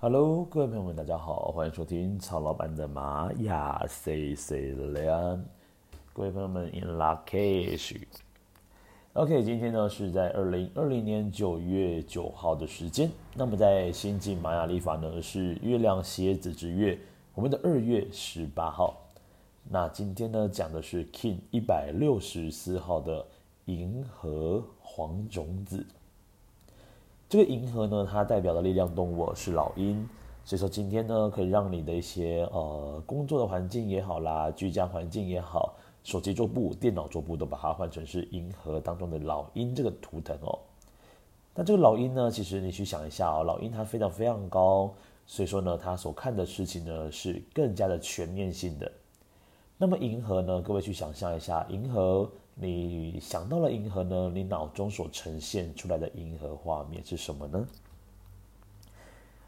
Hello，各位朋友們，大家好，歡迎收聽曹老板的瑪雅 C C Leon。各位朋友們，In lak’ech。OK，今天呢是在二零二零年九月九號的時間。那麼在新晉瑪雅曆法呢是月亮蠍子之月，我們的二月十八號。那今天呢講的是 kin 一百六十四號的銀河黃種子。這個銀河呢，它代表的力量動物是老鷹，所以說今天呢，可以讓你的一些呃工作的環境也好啦，居家環境也好，手機桌布、電腦桌布都把它換成是銀河當中的老鷹這個圖騰哦。那這個老鷹呢，其實你去想一下哦，老鷹它非常非常高，所以說呢，它所看的事情呢是更加的全面性的。那麼銀河呢，各位去想象一下，銀河。你想到了銀河呢？你腦中所呈現出來的銀河畫面是什麼呢？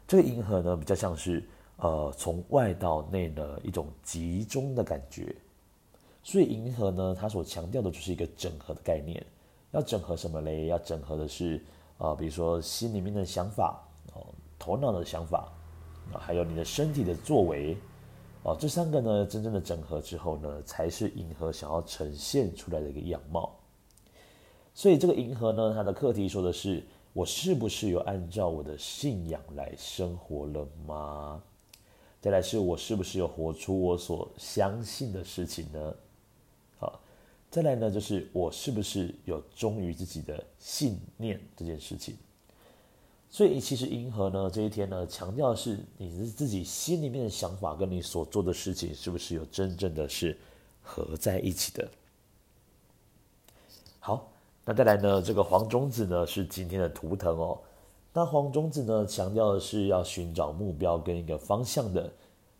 這個銀河呢，比較像是呃，從外到內的一種集中的感覺。所以銀河呢，它所強調的就是一個整合的概念。要整合什麼嘞？要整合的是呃，比如說心裡面的想法，哦、呃，頭腦的想法、呃，還有你的身體的作為。哦，這三個呢，真正的整合之後呢，才是銀河想要呈現出來的一個樣貌。所以，這個銀河呢，它的課題說的是：我是不是有按照我的信仰來生活了嗎？再來是，我是不是有活出我所相信的事情呢？好，再來呢，就是我是不是有忠於自己的信念這件事情？所以其實銀河呢，這一天呢，強調的是你自己心裡面的想法跟你所做的事情是不是有真正的是合在一起的。好，那再來呢，這個黃種子呢，是今天的圖騰哦。那黃種子呢，強調的是要尋找目標跟一個方向的。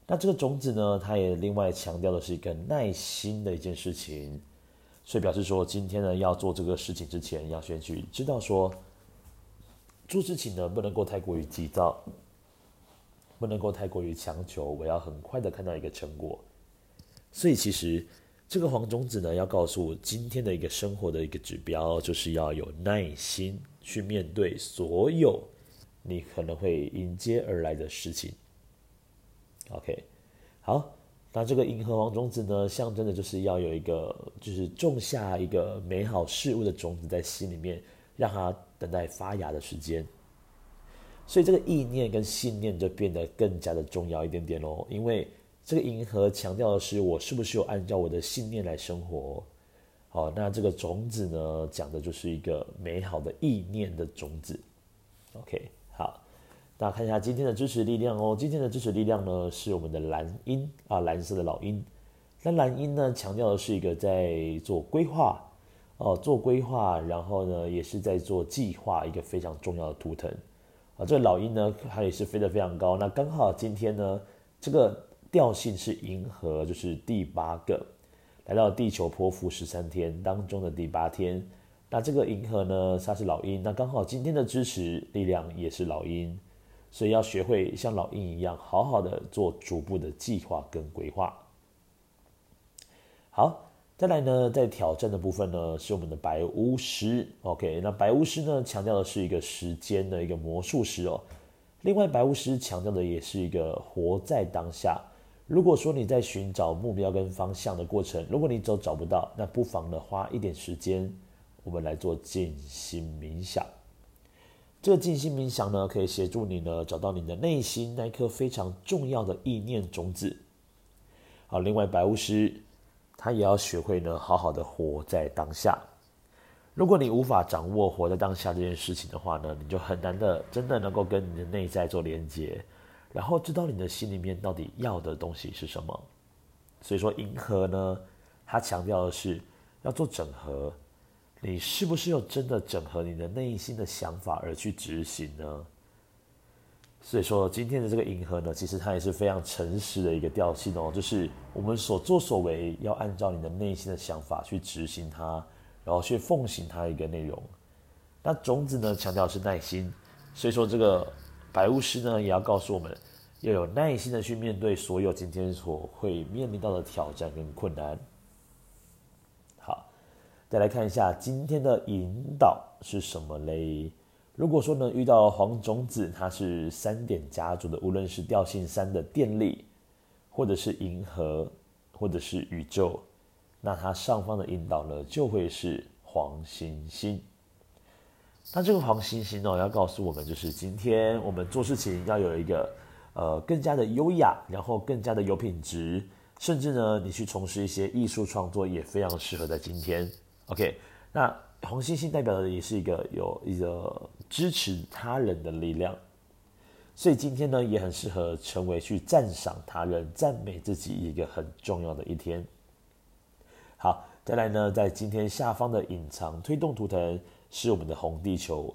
那這個種子呢，它也另外強調的是一個耐心的一件事情，所以表示說今天呢，要做這個事情之前，要先去知道說。做事情呢，不能夠太過於急躁，不能夠太過於強求，我要很快的看到一個成果。所以其實這個黃種子呢，要告訴我今天的一個生活的一個指標，就是要有耐心去面對所有你可能會迎接而來的事情。OK，好，那這個銀河黃種子呢，象徵的就是要有一個，就是種下一個美好事物的種子在心裡面，讓它。等待發芽的時間，所以這個意念跟信念就變得更加的重要一點點咯。因為這個銀河強調的是我是不是有按照我的信念來生活。好，那這個種子呢，講的就是一個美好的意念的種子。OK，好，大家看一下今天的支持力量哦。今天的支持力量呢，是我們的藍鷹啊，藍色的老鷹。那藍鷹呢，強調的是一個在做規劃。哦，做規劃，然後呢，也是在做計劃，一個非常重要的圖騰啊。這個老鷹呢，它也是飛得非常高。那剛好今天呢，這個調性是銀河，就是第八個，來到地球波符十三天當中的第八天。那這個銀河呢，它是老鷹，那剛好今天的支持力量也是老鷹，所以要學會像老鷹一樣，好好的做逐步的計劃跟規劃。好。再來呢，在挑戰的部分呢，是我們的白巫師。OK，那白巫師呢，強調的是一個時間的一個魔術師哦。另外，白巫師強調的也是一個活在當下。如果說你在尋找目標跟方向的過程，如果你都找不到，那不妨呢花一點時間，我們來做靜心冥想。這個靜心冥想呢，可以協助你呢找到你的內心那一顆非常重要的意念種子。好，另外白巫師。他也要學會呢，好好的活在當下。如果你無法掌握活在當下這件事情的話呢，你就很難的，真的能夠跟你的內在做連接，然後知道你的心裡面到底要的東西是什麼。所以說，銀河呢，它強調的是要做整合，你是不是要真的整合你的內心的想法而去執行呢？所以說，今天的這個銀河呢，其實它也是非常誠實的一個調性哦，就是我們所作所為要按照你的內心的想法去執行它，然後去奉行它的一個內容。那種子呢，強調是耐心，所以說這個白巫師呢，也要告訴我們要有耐心的去面對所有今天所會面臨到的挑戰跟困難。好，再來看一下今天的引導是什麼嘞？如果說遇到黃種子，它是三點家族的，無論是調性三的電力，或者是銀河，或者是宇宙，那它上方的引導呢就會是黃星星。那這個黃星星呢，要告訴我們就是今天我們做事情要有一個呃更加的優雅，然後更加的有品質，甚至呢你去從事一些藝術創作也非常適合在今天。OK，那黃星星代表的也是一個有一個。支持他人的力量，所以今天呢也很適合成為去讚賞他人、讚美自己一個很重要的一天。好，再來呢，在今天下方的隱藏推動圖騰是我們的紅地球。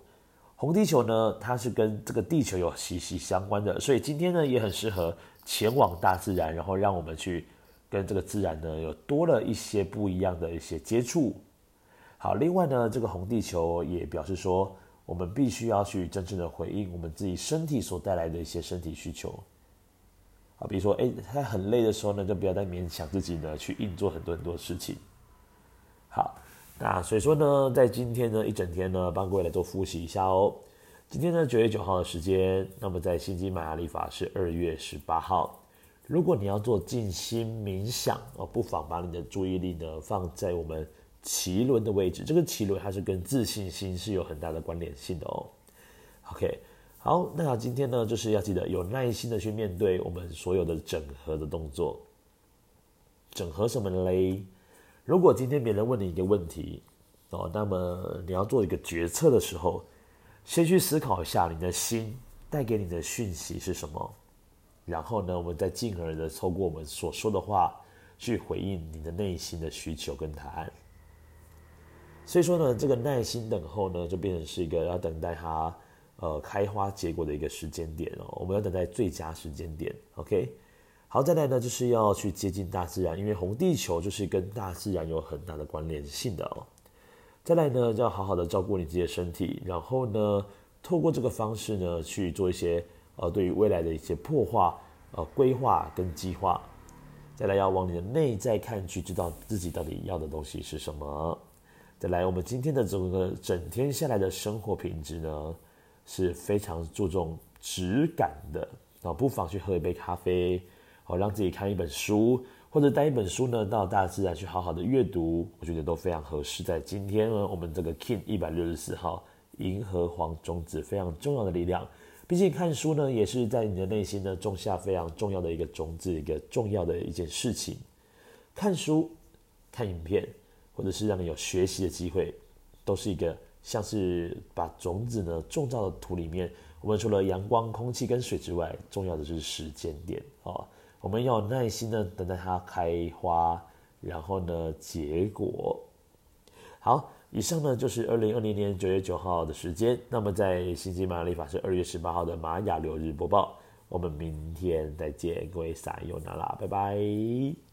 紅地球呢，它是跟這個地球有息息相關的，所以今天呢也很適合前往大自然，然後讓我們去跟這個自然呢有多了一些不一樣的一些接觸。好，另外呢，這個紅地球也表示說，我們必須要去真正的回應我們自己身體所帶來的一些身體需求，啊，比如說，誒他很累的時候呢，就不要再勉強自己呢去硬做很多很多事情。好，那所以說呢，在今天呢一整天呢，幫各位來做複習一下哦。今天呢九月九號的時間，那麼在星際馬雅曆法是二月十八號。如果你要做靜心冥想哦，不妨把你的注意力呢放在我們臍輪的位置，這個臍輪它是跟自信心是有很大的關聯性的哦。OK，好，那、啊、今天呢就是要記得有耐心的去面對我們所有的整合的動作。整合什麼嘞？如果今天別人問你一個問題，哦，那麼你要做一個決策的時候，先去思考一下你的心帶給你的訊息是什麼，然後呢，我們再進而的透過我們所說的話去回應你的內心的需求跟答案。所以說呢，這個耐心等候呢，就變成是一個要等待它，呃，開花結果的一個時間點哦。我們要等待最佳時間點。OK，好，再來呢，就是要去接近大自然，因為紅地球就是跟大自然有很大的關聯性的哦。再來呢，要好好的照顧你自己的身體，然後呢，透過這個方式呢，去做一些呃，對於未來的一些破壞、呃，規劃跟計劃。再來，要往你的內在看去，知道自己到底要的東西是什麼。再來，我們今天的整個整天下來的生活品質呢，是非常注重質感的啊。不妨去喝一杯咖啡，好讓自己看一本書，或者帶一本書呢到大自然去好好的閱讀，我覺得都非常合適。在今天呢，我們這個 Kin 一百六十四號銀河黃種子非常重要的力量，畢竟看書呢也是在你的內心呢種下非常重要的一個種子，一個重要的一件事情。看書，看影片。或者是讓你有學習的機會，都是一個像是把種子呢種到土裡面。我們除了陽光、空氣跟水之外，重要的就是時間點啊。我們要耐心的等待它開花，然後呢結果。好，以上呢就是二零二零年九月九號的時間。那麼在西基瑪利法是二月十八號的瑪雅流日播報，我們明天再見，各位撒有娜拉，拜拜。